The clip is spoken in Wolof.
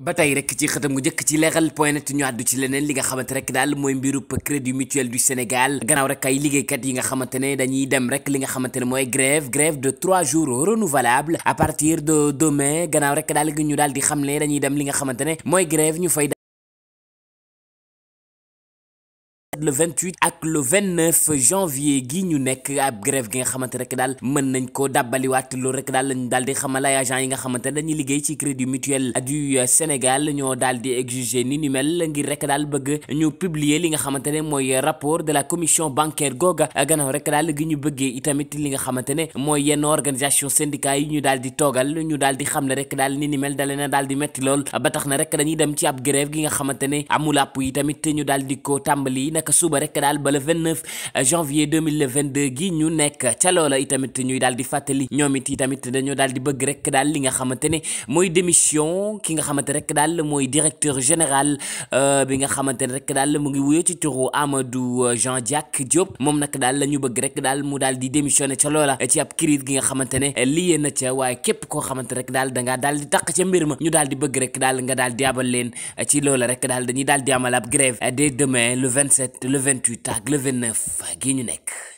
ba tey rek ci xëtam gu njëkk ci leeral point net ñu àddu ci leneen li nga xamante rek daal mooy mbirub crédit mutuel du Sénégal gannaaw rek ay liggéeykat yi nga xamante ne dañuy dem rek li nga xamante ne mooy grève grève de trois jours renouvelable à partir de demain gannaaw rek daal gi ñu daal di xam ne dañuy dem li nga xamante ne mooy grève ñu fay le 28 ak le 29 janvier gi ñu nekk ab grève gi nga xamante rek daal mën nañ ko dàbbaliwaat loolu rek daal lañ daal di xamal agent yi nga xamante ne dañuy liggéey ci crédit mutuel du Sénégal ñoo daal di exiger ni ni mel ngir rek daal bëgg ñu publier li nga xamante ne mooy rapport de la commission bancaire googa gannaaw rek daal gi ñu bëggee itamit li nga xamante ne mooy yenn organisation syndicats yi ñu daal di toogal ñu daal di xamle rek daal ni ni mel dalee daal di metti lool ba tax na rek dañuy dem ci ab grève gi nga xamante ne amul àpp yi ñu daal di ko tàmbali ak suba rek daal ba le 29 euh, janvier 2022 gi ñu nekk ca loola itamit ñuy daal di fàttali ñoom it itamit dañoo daal di bëgg rek daal li nga xamante ne mooy démission ki nga xamante rek daal mooy directeur général euh, bi nga xamante ne rek daal mu ngi wuyoo ci turu Amadou euh, Jean Jacques moom nag daal la ñu bëgg rek daal mu daal di démissionné ca loola ci ab crise gi nga xamante ne liyee na ca koo xamante rek daal dangaa daal di taq ca mbir ma ñu daal di bëgg rek daal nga daal di abal leen ci loola rek daal dañuy daal di amal ab grève dès demain le 27 le 28 ak le 29 gii ñu nekk.